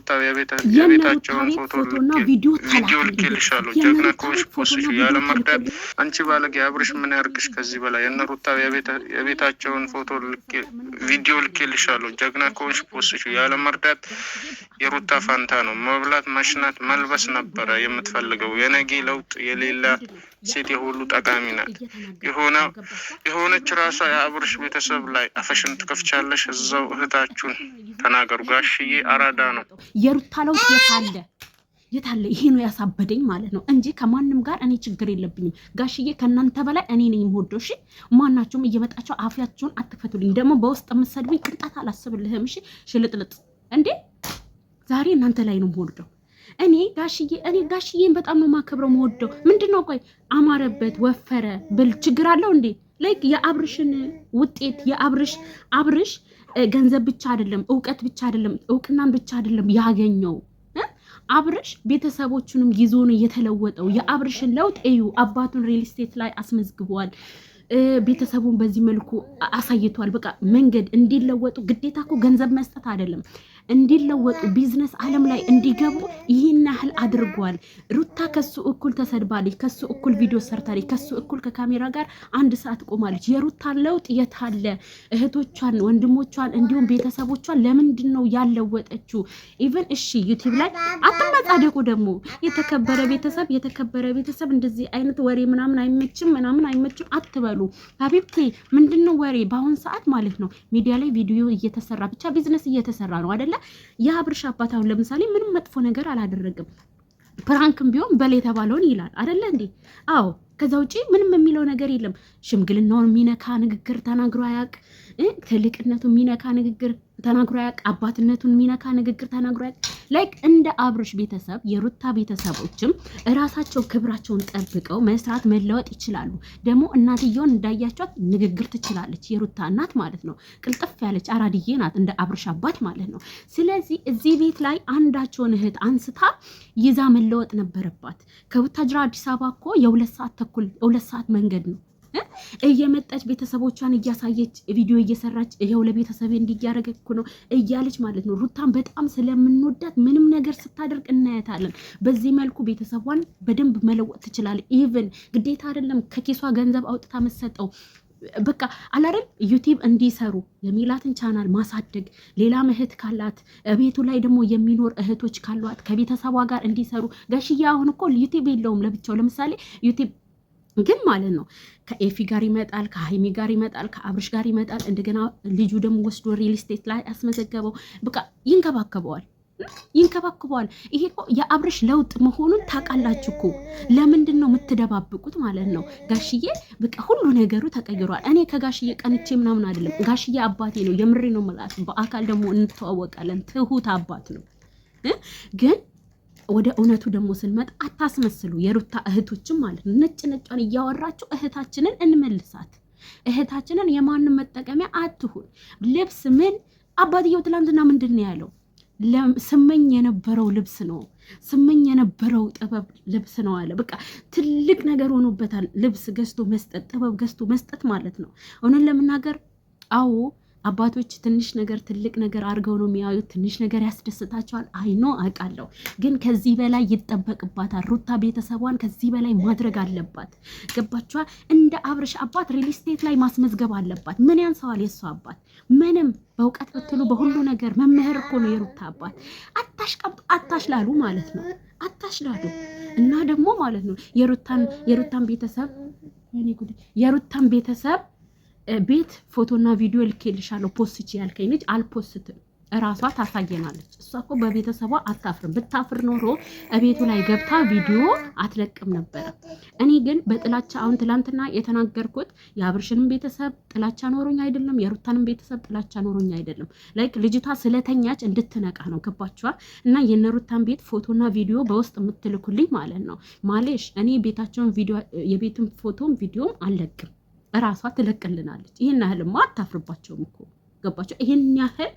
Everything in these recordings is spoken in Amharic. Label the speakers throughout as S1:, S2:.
S1: ሩታ የቤታቸውን ፎቶ ቪዲዮ ልኬልሻለሁ። ጀግና ከሆንሽ ፖስሽ ያለ መቅደም አንቺ ባለጌ አብርሽ ምን ያርግሽ? ከዚህ በላይ የነ ሩታ የቤታቸውን ፎቶ ቪዲዮ ልኬልሻለሁ። ጀግና ከሆንሽ ፖስሽ ያለ መርዳት የሩታ ፋንታ ነው። መብላት፣ መሽናት፣ መልበስ ነበረ የምትፈልገው። የነጌ ለውጥ የሌላ ሴት የሁሉ ጠቃሚ ናት። የሆነች ራሷ የአብርሽ ቤተሰብ ላይ አፈሽን ትከፍቻለሽ። እዛው እህታችሁን ተናገሩ። ጋሽዬ አራዳ ነው።
S2: የሩታ ለውጥ የታለ የታለ? ይሄ ነው ያሳበደኝ ማለት ነው እንጂ ከማንም ጋር እኔ ችግር የለብኝም። ጋሽዬ ከእናንተ በላይ እኔ ነኝ የምወደው። እሺ ማናቸውም እየመጣቸው አፍያቸውን አትክፈቱልኝ። ደግሞ በውስጥ የምትሰድቡኝ ቅንጣት አላስብልህም። እሺ ሽልጥልጥ እንዴ ዛሬ እናንተ ላይ ነው የምወርደው። እኔ ጋሽዬ እኔ ጋሽዬን በጣም ነው ማከብረው መወደው። ምንድን ነው ቆይ አማረበት ወፈረ ብል ችግር አለው እንዴ? ላይክ የአብርሽን ውጤት የአብርሽ አብርሽ ገንዘብ ብቻ አይደለም እውቀት ብቻ አይደለም እውቅናን ብቻ አይደለም ያገኘው አብርሽ ቤተሰቦቹንም ይዞ ነው የተለወጠው። የአብርሽን ለውጥ እዩ። አባቱን ሪል ስቴት ላይ አስመዝግቧል። ቤተሰቡን በዚህ መልኩ አሳይቷል። በቃ መንገድ እንዲለወጡ ግዴታ እኮ ገንዘብ መስጠት አይደለም። እንዲለወጡ ቢዝነስ ዓለም ላይ እንዲገቡ ይህን ያህል አድርጓል። ሩታ ከሱ እኩል ተሰድባለች፣ ከሱ እኩል ቪዲዮ ሰርታለች፣ ከሱ እኩል ከካሜራ ጋር አንድ ሰዓት ቆማለች። የሩታ ለውጥ የታለ? እህቶቿን፣ ወንድሞቿን እንዲሁም ቤተሰቦቿን ለምንድን ነው ያለወጠችው? ኢቨን እሺ ዩቲብ ላይ አትመጻደቁ ደግሞ የተከበረ ቤተሰብ የተከበረ ቤተሰብ እንደዚህ አይነት ወሬ ምናምን አይመችም ምናምን አይመችም አትበሉ። ሀቢብቴ ምንድን ነው ወሬ በአሁን ሰዓት ማለት ነው ሚዲያ ላይ ቪዲዮ እየተሰራ ብቻ ቢዝነስ እየተሰራ ነው አይደለ? የአብርሽ አባት አሁን ለምሳሌ ምንም መጥፎ ነገር አላደረግም። ፕራንክም ቢሆን በል የተባለውን ይላል አደለ እንዴ? አዎ። ከዛ ውጪ ምንም የሚለው ነገር የለም። ሽምግልናውን የሚነካ ንግግር ተናግሮ አያውቅ። ትልቅነቱን የሚነካ ንግግር ተናግሮ አያውቅ። አባትነቱን የሚነካ ንግግር ተናግሮ አያውቅ። ላይክ እንደ አብርሽ ቤተሰብ የሩታ ቤተሰቦችም እራሳቸው ክብራቸውን ጠብቀው መስራት መለወጥ ይችላሉ። ደግሞ እናትየውን እንዳያቸዋት ንግግር ትችላለች፣ የሩታ እናት ማለት ነው። ቅልጥፍ ያለች አራድዬ ናት፣ እንደ አብርሽ አባት ማለት ነው። ስለዚህ እዚህ ቤት ላይ አንዳቸውን እህት አንስታ ይዛ መለወጥ ነበረባት። ከቡታጅራ አዲስ አበባ እኮ የሁለት ሰዓት ተኩል የሁለት ሰዓት መንገድ ነው። እየመጣች ቤተሰቦቿን እያሳየች ቪዲዮ እየሰራች ይኸው ለቤተሰብ እንዲያደረገ እኮ ነው እያለች ማለት ነው። ሩታን በጣም ስለምንወዳት ምንም ነገር ስታደርግ እናያታለን። በዚህ መልኩ ቤተሰቧን በደንብ መለወጥ ትችላለች። ኢቭን ግዴታ አይደለም ከኪሷ ገንዘብ አውጥታ መሰጠው በቃ አላደል ዩቲብ እንዲሰሩ የሚላትን ቻናል ማሳደግ፣ ሌላም እህት ካላት ቤቱ ላይ ደግሞ የሚኖር እህቶች ካሏት ከቤተሰቧ ጋር እንዲሰሩ። ጋሽዬ አሁን እኮ ዩቲብ የለውም ለብቻው። ለምሳሌ ዩቲብ ግን ማለት ነው ከኤፊ ጋር ይመጣል፣ ከሀይሚ ጋር ይመጣል፣ ከአብርሽ ጋር ይመጣል። እንደገና ልጁ ደግሞ ወስዶ ሪል ስቴት ላይ አስመዘገበው። በቃ ይንከባከበዋል ይንከባክበዋል። ይሄ እኮ የአብርሽ ለውጥ መሆኑን ታውቃላችሁ እኮ። ለምንድን ነው የምትደባብቁት ማለት ነው? ጋሽዬ በቃ ሁሉ ነገሩ ተቀይሯል። እኔ ከጋሽዬ ቀንቼ ምናምን አይደለም። ጋሽዬ አባቴ ነው፣ የምሬ ነው የምላት። በአካል ደግሞ እንተዋወቃለን። ትሁት አባት ነው ግን ወደ እውነቱ ደግሞ ስንመጣ አታስመስሉ። የሩታ እህቶችም ማለት ነው ነጭ ነጯን እያወራችሁ እህታችንን እንመልሳት። እህታችንን የማንም መጠቀሚያ አትሁን። ልብስ ምን አባትየው ትላንትና ምንድን ነው ያለው? ስመኝ የነበረው ልብስ ነው ስመኝ የነበረው ጥበብ ልብስ ነው አለ። በቃ ትልቅ ነገር ሆኖበታል። ልብስ ገዝቶ መስጠት ጥበብ ገዝቶ መስጠት ማለት ነው። እውነት ለመናገር አዎ አባቶች ትንሽ ነገር ትልቅ ነገር አድርገው ነው የሚያዩት። ትንሽ ነገር ያስደስታቸዋል። አይኖ አውቃለሁ፣ ግን ከዚህ በላይ ይጠበቅባታል። ሩታ ቤተሰቧን ከዚህ በላይ ማድረግ አለባት። ገባችኋ? እንደ አብርሽ አባት ሪል ስቴት ላይ ማስመዝገብ አለባት። ምን ያንሰዋል የእሱ አባት? ምንም በእውቀት ብትሉ በሁሉ ነገር መምህር እኮ ነው የሩታ አባት። አታሽ ላሉ ማለት ነው አታሽ ላሉ እና ደግሞ ማለት ነው የሩታን የሩታን ቤተሰብ የሩታን ቤተሰብ ቤት ፎቶና ቪዲዮ ልኬልሻለሁ ፖስት ያልከኝ ልጅ አልፖስትም። እራሷ ታሳየናለች። እሷ እኮ በቤተሰቧ አታፍርም። ብታፍር ኖሮ እቤቱ ላይ ገብታ ቪዲዮ አትለቅም ነበረ። እኔ ግን በጥላቻ አሁን ትላንትና የተናገርኩት የአብርሽንም ቤተሰብ ጥላቻ ኖሮኝ አይደለም፣ የሩታንም ቤተሰብ ጥላቻ ኖሮኝ አይደለም። ላይክ ልጅቷ ስለተኛች እንድትነቃ ነው። ገባችኋል? እና የነሩታን ቤት ፎቶና ቪዲዮ በውስጥ የምትልኩልኝ ማለት ነው። ማሌሽ እኔ ቤታቸውን የቤትን ፎቶም ቪዲዮም አልለቅም እራሷ ትለቅልናለች። ይህን ያህልማ አታፍርባቸውም እኮ ገባቸው። ይህን ያህል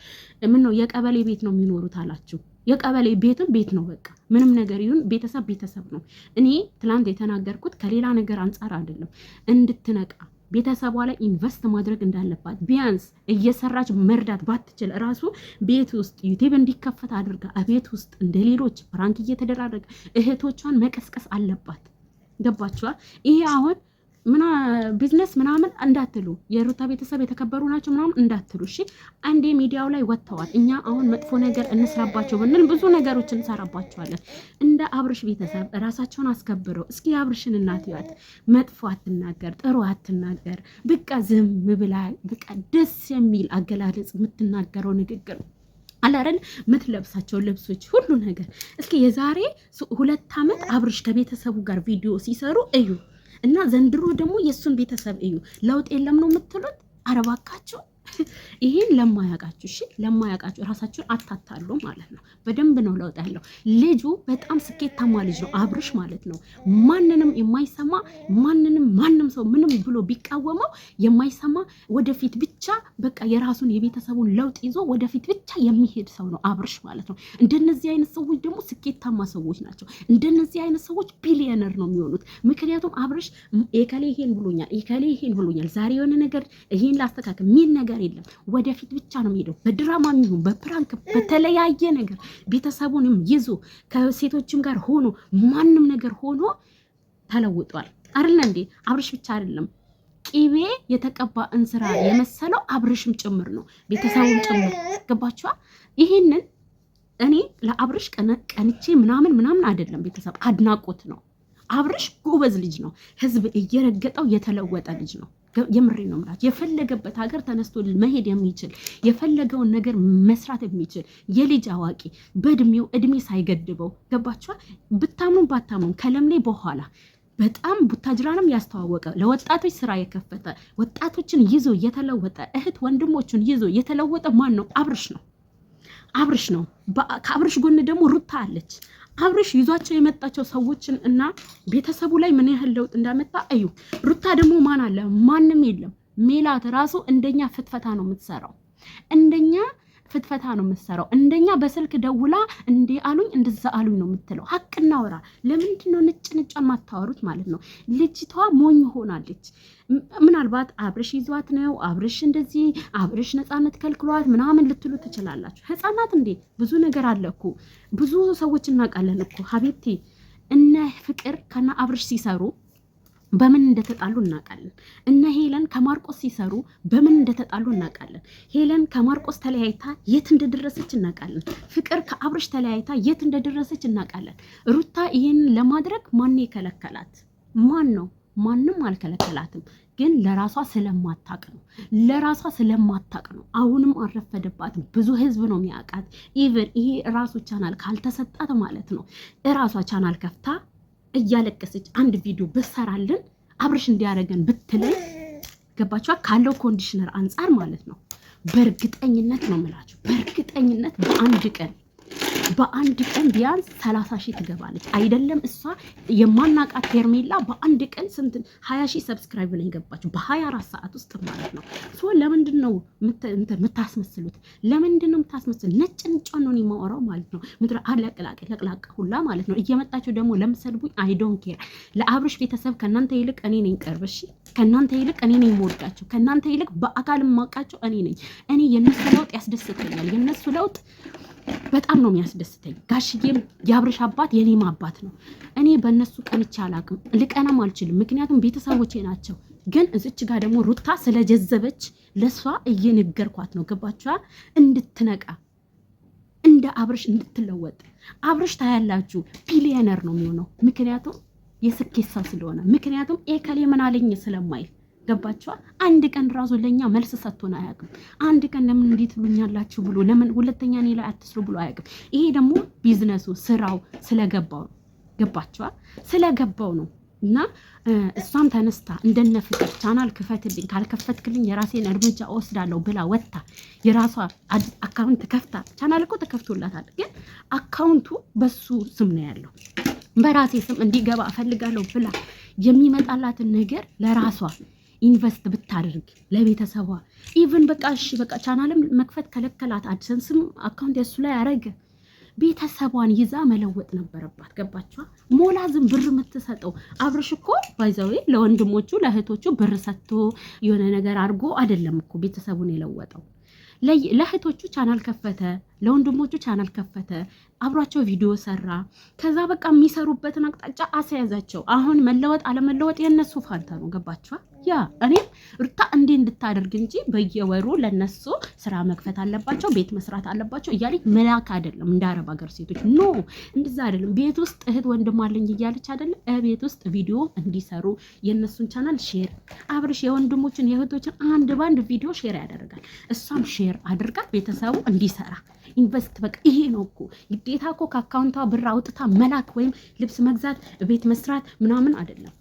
S2: ምን ነው የቀበሌ ቤት ነው የሚኖሩት አላችሁ። የቀበሌ ቤትም ቤት ነው በቃ ምንም ነገር ይሁን፣ ቤተሰብ ቤተሰብ ነው። እኔ ትናንት የተናገርኩት ከሌላ ነገር አንጻር አይደለም። እንድትነቃ ቤተሰቧ ላይ ኢንቨስት ማድረግ እንዳለባት ቢያንስ እየሰራች መርዳት ባትችል እራሱ ቤት ውስጥ ዩቲብ እንዲከፈት አድርጋ ቤት ውስጥ እንደ ሌሎች ፕራንክ እየተደራረገ እህቶቿን መቀስቀስ አለባት። ገባችኋል? ይሄ አሁን ምና ቢዝነስ ምናምን እንዳትሉ የሩታ ቤተሰብ የተከበሩ ናቸው ምናምን እንዳትሉ። እሺ አንዴ ሚዲያው ላይ ወጥተዋል። እኛ አሁን መጥፎ ነገር እንስራባቸው ብንል ብዙ ነገሮች እንሰራባቸዋለን። እንደ አብርሽ ቤተሰብ ራሳቸውን አስከብረው እስኪ አብርሽን እናትያት፣ መጥፎ አትናገር፣ ጥሩ አትናገር፣ ብቃ ዝም ብላ ብቃ ደስ የሚል አገላለጽ የምትናገረው ንግግር አላረን ምትለብሳቸው ልብሶች ሁሉ ነገር እስኪ የዛሬ ሁለት ዓመት አብርሽ ከቤተሰቡ ጋር ቪዲዮ ሲሰሩ እዩ። እና ዘንድሮ ደግሞ የእሱን ቤተሰብ እዩ። ለውጥ የለም ነው የምትሉት? አረባካችሁ ይሄን ለማያውቃችሁ እሺ፣ ለማያውቃችሁ ራሳችሁን አታታሉ ማለት ነው። በደንብ ነው ለውጥ ያለው ልጁ። በጣም ስኬታማ ልጅ ነው አብርሽ ማለት ነው። ማንንም የማይሰማ ማንንም ማንም ሰው ምንም ብሎ ቢቃወመው የማይሰማ ወደፊት ብቻ በቃ የራሱን የቤተሰቡን ለውጥ ይዞ ወደፊት ብቻ የሚሄድ ሰው ነው አብርሽ ማለት ነው። እንደነዚህ አይነት ሰዎች ደግሞ ስኬታማ ሰዎች ናቸው። እንደነዚህ አይነት ሰዎች ቢሊየነር ነው የሚሆኑት። ምክንያቱም አብርሽ የከሌ ይሄን ብሎኛል፣ የከሌ ይሄን ብሎኛል፣ ዛሬ የሆነ ነገር ይሄን ላስተካከል ሚል ነገር ነገር የለም። ወደፊት ብቻ ነው የሚሄደው። በድራማ የሚሆን በፕራንክ በተለያየ ነገር ቤተሰቡንም ይዞ ከሴቶችም ጋር ሆኖ ማንም ነገር ሆኖ ተለውጧል። አይደለ እንዴ? አብርሽ ብቻ አይደለም ቂቤ የተቀባ እንስራ የመሰለው አብርሽም ጭምር ነው፣ ቤተሰቡም ጭምር ገባችኋ? ይሄንን እኔ ለአብርሽ ቀንቼ ምናምን ምናምን አይደለም፣ ቤተሰብ አድናቆት ነው። አብርሽ ጎበዝ ልጅ ነው። ህዝብ እየረገጠው የተለወጠ ልጅ ነው። የምሬ ነው የምላችሁ። የፈለገበት ሀገር ተነስቶ መሄድ የሚችል የፈለገውን ነገር መስራት የሚችል የልጅ አዋቂ በእድሜው እድሜ ሳይገድበው ገባችኋል። ብታሙን ባታሙን ከለምሌ በኋላ በጣም ቡታጅራንም ያስተዋወቀ ለወጣቶች ስራ የከፈተ ወጣቶችን ይዞ የተለወጠ እህት ወንድሞቹን ይዞ የተለወጠ ማን ነው? አብርሽ ነው። አብርሽ ነው። ከአብርሽ ጎን ደግሞ ሩታ አለች። አብርሽ ይዟቸው የመጣቸው ሰዎችን እና ቤተሰቡ ላይ ምን ያህል ለውጥ እንዳመጣ እዩ። ሩታ ደግሞ ማን አለ? ማንም የለም። ሜላት ራሱ እንደኛ ፍትፈታ ነው የምትሰራው እንደኛ ፍትፈታ ነው የምትሰራው። እንደኛ በስልክ ደውላ እንዴ አሉኝ እንደዛ አሉኝ ነው የምትለው። ሀቅ እናወራ። ለምንድን ነው ነጭ ነጯን ማታወሩት ማለት ነው? ልጅቷ ሞኝ ሆናለች። ምናልባት አብርሽ ይዟት ነው አብርሽ እንደዚህ አብርሽ ነፃነት ከልክሏት ምናምን ልትሉ ትችላላችሁ። ህፃናት እንዴ ብዙ ነገር አለ እኮ ብዙ ሰዎች እናውቃለን እኮ ሀቤቴ እነ ፍቅር ከና አብርሽ ሲሰሩ በምን እንደተጣሉ እናውቃለን። እነ ሄለን ከማርቆስ ሲሰሩ በምን እንደተጣሉ እናውቃለን። ሄለን ከማርቆስ ተለያይታ የት እንደደረሰች እናውቃለን። ፍቅር ከአብርሽ ተለያይታ የት እንደደረሰች እናውቃለን። ሩታ ይህንን ለማድረግ ማን የከለከላት? ማን ነው? ማንም አልከለከላትም። ግን ለራሷ ስለማታቅ ነው። ለራሷ ስለማታቅ ነው። አሁንም አረፈደባት። ብዙ ህዝብ ነው የሚያውቃት። ኢቨን ይሄ ራሱ ቻናል ካልተሰጣት ማለት ነው ራሷ ቻናል ከፍታ እያለቀሰች አንድ ቪዲዮ ብሰራልን አብርሽ እንዲያደርገን ብትለኝ ገባችኋል? ካለው ኮንዲሽነር አንጻር ማለት ነው። በእርግጠኝነት ነው የምላችሁ፣ በእርግጠኝነት በአንድ ቀን በአንድ ቀን ቢያንስ ሰላሳ ሺህ ትገባለች። አይደለም እሷ የማናቃት ሄርሜላ በአንድ ቀን ስንት ሀያ ሺህ ሰብስክራይብ ላይ ገባች በሀያ አራት ሰዓት ውስጥ ማለት ነው። ሶ ለምንድን ነው የምታስመስሉት? ለምንድን ነው የምታስመስሉ? ነጭ ነጭ ነው የማወራው ማለት ነው። ምድረ አለቅላቅ ለቅላቅ ሁላ ማለት ነው። እየመጣችሁ ደግሞ ለምሰድቡኝ አይዶን ኬር ለአብርሽ ቤተሰብ ከእናንተ ይልቅ እኔ ነኝ ቅርብ። እሺ ከእናንተ ይልቅ እኔ ነኝ የምወዳቸው፣ ከእናንተ ይልቅ በአካል የማውቃቸው እኔ ነኝ። እኔ የነሱ ለውጥ ያስደስተኛል። የነሱ ለውጥ በጣም ነው የሚያስደስተኝ። ጋሽዬም የአብርሽ አባት የኔም አባት ነው። እኔ በእነሱ ቀንቼ አላውቅም፣ ልቀናም አልችልም፣ ምክንያቱም ቤተሰቦቼ ናቸው። ግን እዚች ጋር ደግሞ ሩታ ስለጀዘበች ለእሷ እየነገርኳት ነው። ገባችኋ? እንድትነቃ እንደ አብርሽ እንድትለወጥ። አብርሽ ታያላችሁ ቢሊየነር ነው የሚሆነው፣ ምክንያቱም የስኬት ሰው ስለሆነ፣ ምክንያቱም ኤከሌ ምናለኝ ስለማይል ገባቸዋል። አንድ ቀን ራሱ ለእኛ መልስ ሰጥቶን አያውቅም። አንድ ቀን ለምን እንዴት ትሉኛላችሁ ብሎ ለምን ሁለተኛ እኔ ላይ አትስሩ ብሎ አያውቅም። ይሄ ደግሞ ቢዝነሱ ስራው ስለገባው ነው። ገባቸዋል ስለገባው ነው። እና እሷም ተነስታ እንደነ ፍቅር ቻናል ክፈትልኝ፣ ካልከፈትክልኝ የራሴን እርምጃ እወስዳለሁ ብላ ወጥታ የራሷ አካውንት ከፍታ፣ ቻናል እኮ ተከፍቶላታል፣ ግን አካውንቱ በሱ ስም ነው ያለው። በራሴ ስም እንዲገባ እፈልጋለሁ ብላ የሚመጣላትን ነገር ለራሷ ኢንቨስት ብታደርግ ለቤተሰቧ ኢቨን በቃ እሺ በቃ ቻናልም መክፈት ከለከላት። አድሰንስም አካውንት የሱ ላይ አረገ። ቤተሰቧን ይዛ መለወጥ ነበረባት። ገባችኋ? ሞላዝም ብር የምትሰጠው አብርሽ እኮ ባይዘዌ ለወንድሞቹ ለእህቶቹ ብር ሰጥቶ የሆነ ነገር አድርጎ አይደለም እኮ ቤተሰቡን የለወጠው። ለእህቶቹ ቻናል ከፈተ ለወንድሞቹ ቻናል ከፈተ፣ አብሯቸው ቪዲዮ ሰራ። ከዛ በቃ የሚሰሩበትን አቅጣጫ አስያዛቸው። አሁን መለወጥ አለመለወጥ የእነሱ ፋንታ ነው። ገባችኋል? ያ እኔም እርታ እንዲህ እንድታደርግ እንጂ በየወሩ ለነሱ ስራ መክፈት አለባቸው፣ ቤት መስራት አለባቸው እያለች መላክ አይደለም። እንደ አረብ ሀገር ሴቶች ኖ እንደዛ አይደለም። ቤት ውስጥ እህት ወንድም አለኝ እያለች አይደለም። ቤት ውስጥ ቪዲዮ እንዲሰሩ የእነሱን ቻናል ሼር አብርሽ የወንድሞችን የእህቶችን አንድ ባንድ ቪዲዮ ሼር ያደርጋል። እሷም ሼር አድርጋል ቤተሰቡ እንዲሰራ ኢንቨስት በቃ ይሄ ነው እኮ ግዴታ እኮ ከአካውንቷ ብር አውጥታ መላክ ወይም ልብስ መግዛት፣ ቤት መስራት ምናምን አይደለም።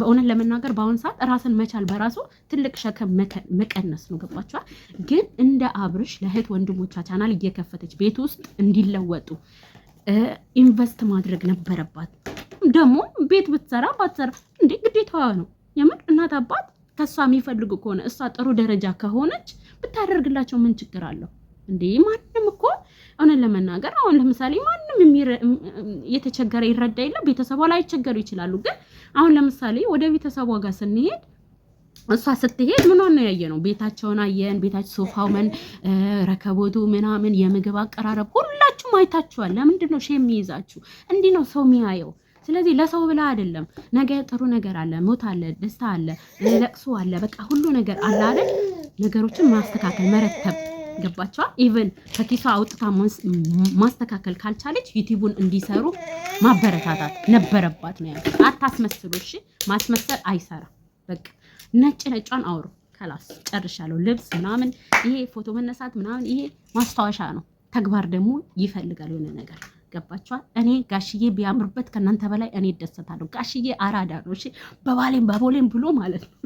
S2: በእውነት ለመናገር በአሁኑ ሰዓት ራስን መቻል በራሱ ትልቅ ሸከም መቀነስ ነው። ገባችኋል? ግን እንደ አብርሽ ለእህት ወንድሞቿ ቻናል እየከፈተች ቤት ውስጥ እንዲለወጡ ኢንቨስት ማድረግ ነበረባት። ደግሞ ቤት ብትሰራ ባትሰራ እንዴ ግዴታዋ ነው። የምር እናት አባት ከእሷ የሚፈልጉ ከሆነ እሷ ጥሩ ደረጃ ከሆነች ብታደርግላቸው ምን ችግር አለው? እንዴ ማንም እኮ እውነት ለመናገር አሁን ለምሳሌ ማንም የተቸገረ ይረዳ የለም። ቤተሰቧ ላይቸገሩ ይችላሉ። ግን አሁን ለምሳሌ ወደ ቤተሰቧ ጋር ስንሄድ እሷ ስትሄድ ምን ነው ያየ ነው? ቤታቸውን አየን። ቤታቸው ሶፋው፣ ምን ረከቦቱ፣ ምናምን የምግብ አቀራረብ ሁላችሁም አይታችኋል። ለምንድን ነው ሼም የሚይዛችሁ? እንዲህ ነው ሰው የሚያየው። ስለዚህ ለሰው ብላ አይደለም። ነገ ጥሩ ነገር አለ፣ ሞት አለ፣ ደስታ አለ፣ ለቅሶ አለ፣ በቃ ሁሉ ነገር አለ አይደል? ነገሮችን ማስተካከል መረተብ ገባቸዋል። ኢቨን ከኪሷ አውጥታ ማስተካከል ካልቻለች ዩቲቡን እንዲሰሩ ማበረታታት ነበረባት ነው ያለው። አታስመስሉ፣ እሺ ማስመሰል አይሰራም። በቃ ነጭ ነጯን አውሩ። ከላስ ጨርሻለሁ። ልብስ ምናምን፣ ይሄ ፎቶ መነሳት ምናምን፣ ይሄ ማስታወሻ ነው። ተግባር ደግሞ ይፈልጋል የሆነ ነገር ገባቸዋል። እኔ ጋሽዬ ቢያምርበት ከእናንተ በላይ እኔ እደሰታለሁ። ጋሽዬ አራዳ ነው። እሺ በባሌም በቦሌም ብሎ ማለት ነው